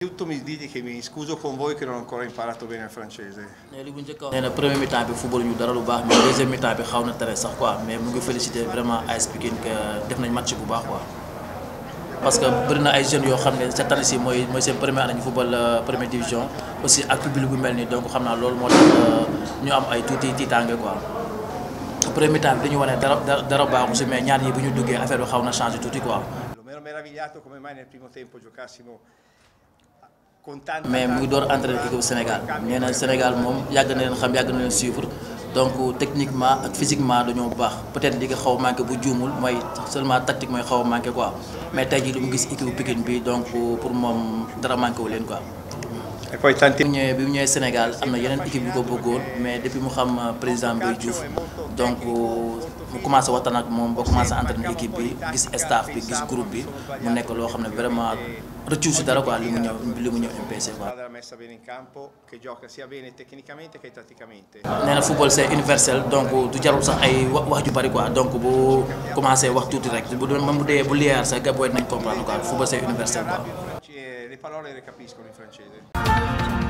Innanzitutto mi dite che mi scuso con voi che non ho ancora imparato bene il francese. Nee na premier mi-temps bi football ñu dara lu baax mais deuxième mi-temps bi xaw na tere sax quoi mais mu ngi féliciter vraiment AS Pikine que def nañ match bu baax quoi. parce que bëri na ay jeunes yoo xam ne cette année ci mooy mooy seen première année ñu football euh, première division aussi ak public è mel nii donc xam naa loolu moo tax euh, ñu am ay tuuti tiitaange quoi. premier mi-temps bi dañu wane dara dara baaxu ci mais ñaar ñi bu ñu duggee affaire bi ero meravigliato come mai nel primo tempo giocassimo mais mu ngi door entraîner équipe Sénégal néna Sénégal mom yag na len xam yag na len suivre donc techniquement ak physiquement dañoo bax peut-être diga xaw a bu djumul moy seulement tactique moy xaw a quoi mais tey jii lu mu gis équipe Pikine bi donc pour mom dara manqué wu quoi. dafay sant. bi mu bi mu Sénégal amna yenen équipe yu ko bëggoon mais depuis mu xam président Mbaye Diouf donc. mu commencé waxtaan ak moom ba commencé entraîner équipe bi gis staff bi gis groupe bi mu nekk loo xam ne vraiment rëccu si dara quoi li mu ñëw li mu ñëw MPC quoi. nee football c'est universel donc du jarul sax ay wax ju bari quoi donc bu commencé wax tuuti rek bu doon même bu dee bu liyaar sax gabooy nañ comprendre quoi football c'est universel quoi. Eh,